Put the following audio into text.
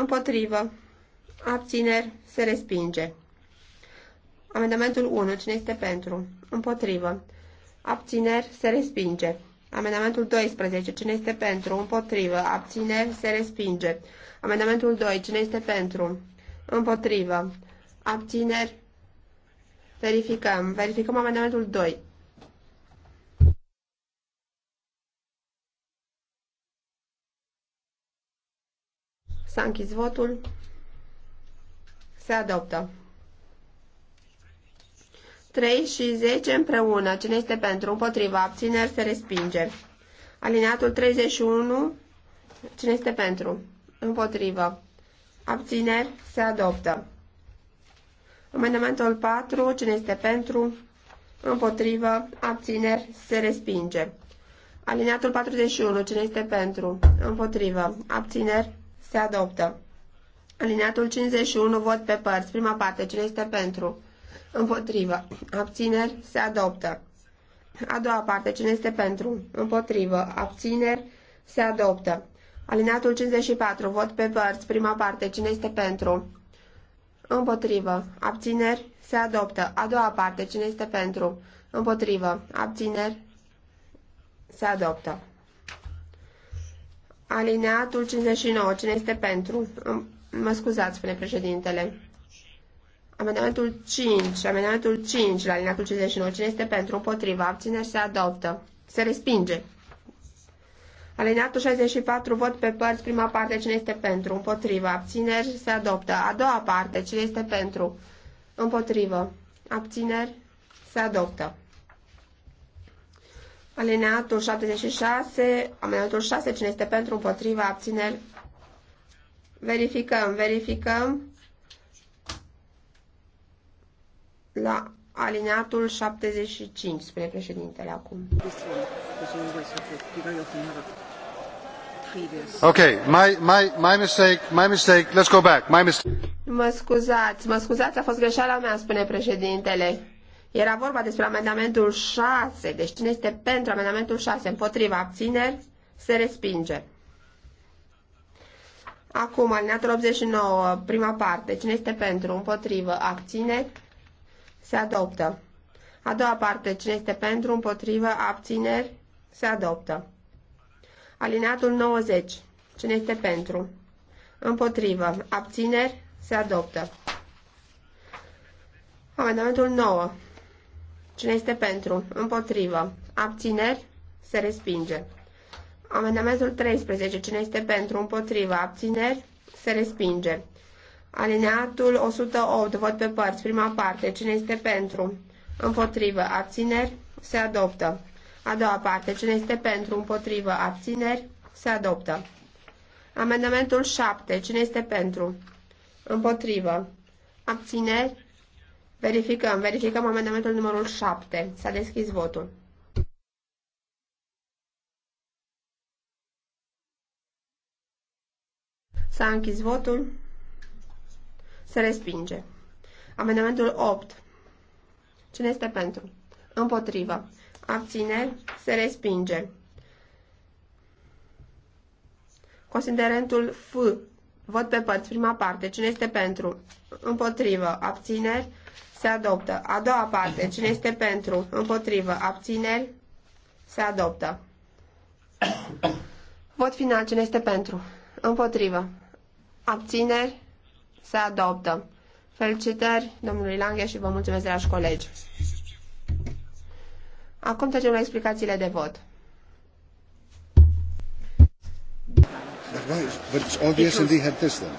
Împotrivă. Abțineri. Se respinge. Amendamentul 1. Cine este pentru? Împotrivă. Abțineri. Se respinge. Amendamentul 12. Cine este pentru? Împotrivă. Abțineri. Se respinge. Amendamentul 2. Cine este pentru? Împotrivă. Abțineri. Verificăm. Verificăm amendamentul 2. S-a închis votul. Se adoptă. 3 și 10 împreună. Cine este pentru? Împotriva. Abțineri se respinge. Alineatul 31. Cine este pentru? Împotriva. Abțineri se adoptă. Amendamentul 4. Cine este pentru? Împotrivă. Abțineri se respinge. Alineatul 41. Cine este pentru? Împotrivă. Abțineri se adoptă. Alineatul 51, vot pe părți. Prima parte, cine este pentru? Împotrivă. Abțineri, se adoptă. A doua parte, cine este pentru? Împotrivă. Abțineri, se adoptă. Alineatul 54, vot pe părți. Prima parte, cine este pentru? Împotrivă. Abțineri, se adoptă. A doua parte, cine este pentru? Împotrivă. Abțineri, se adoptă. Alineatul 59. Cine este pentru? Mă scuzați, spune președintele. Amendamentul 5. Amendamentul 5 la alineatul 59. Cine este pentru? Împotriva. Abțineri se adoptă. Se respinge. Alineatul 64. Vot pe părți. Prima parte. Cine este pentru? Împotriva. Abțineri se adoptă. A doua parte. Cine este pentru? Împotrivă. Abțineri se adoptă. Alineatul 76, amenatul 6, cine este pentru, împotriva, abțineri. Verificăm, verificăm la alineatul 75, spune președintele acum. Ok, my, my, my mistake, my mistake, let's go back, my mistake. Mă scuzați, mă scuzați, a fost greșeala mea, spune președintele. Era vorba despre amendamentul 6. Deci cine este pentru amendamentul 6? Împotriva abțineri? Se respinge. Acum, alineatul 89, prima parte. Cine este pentru? Împotrivă. Abțineri? Se adoptă. A doua parte. Cine este pentru? Împotrivă. Abțineri? Se adoptă. Alineatul 90. Cine este pentru? Împotrivă. Abțineri? Se adoptă. Amendamentul 9. Cine este pentru? Împotrivă. Abțineri? Se respinge. Amendamentul 13. Cine este pentru? Împotrivă. Abțineri? Se respinge. Alineatul 108. Vot pe părți. Prima parte. Cine este pentru? Împotrivă. Abțineri? Se adoptă. A doua parte. Cine este pentru? Împotrivă. Abțineri? Se adoptă. Amendamentul 7. Cine este pentru? Împotrivă. Abțineri? Verificăm, verificăm amendamentul numărul 7. S-a deschis votul. S-a închis votul. Se respinge. Amendamentul 8. Cine este pentru? Împotrivă. Abține. Se respinge. Considerentul F. Vot pe părți, prima parte. Cine este pentru? Împotrivă. Abțineri? Se adoptă. A doua parte. Cine este pentru? Împotrivă. Abțineri? Se adoptă. Vot final. Cine este pentru? Împotrivă. Abțineri? Se adoptă. Felicitări domnului Lange și vă mulțumesc, dragi colegi. Acum trecem la explicațiile de vot. But But it's obvious, because, and he had this then.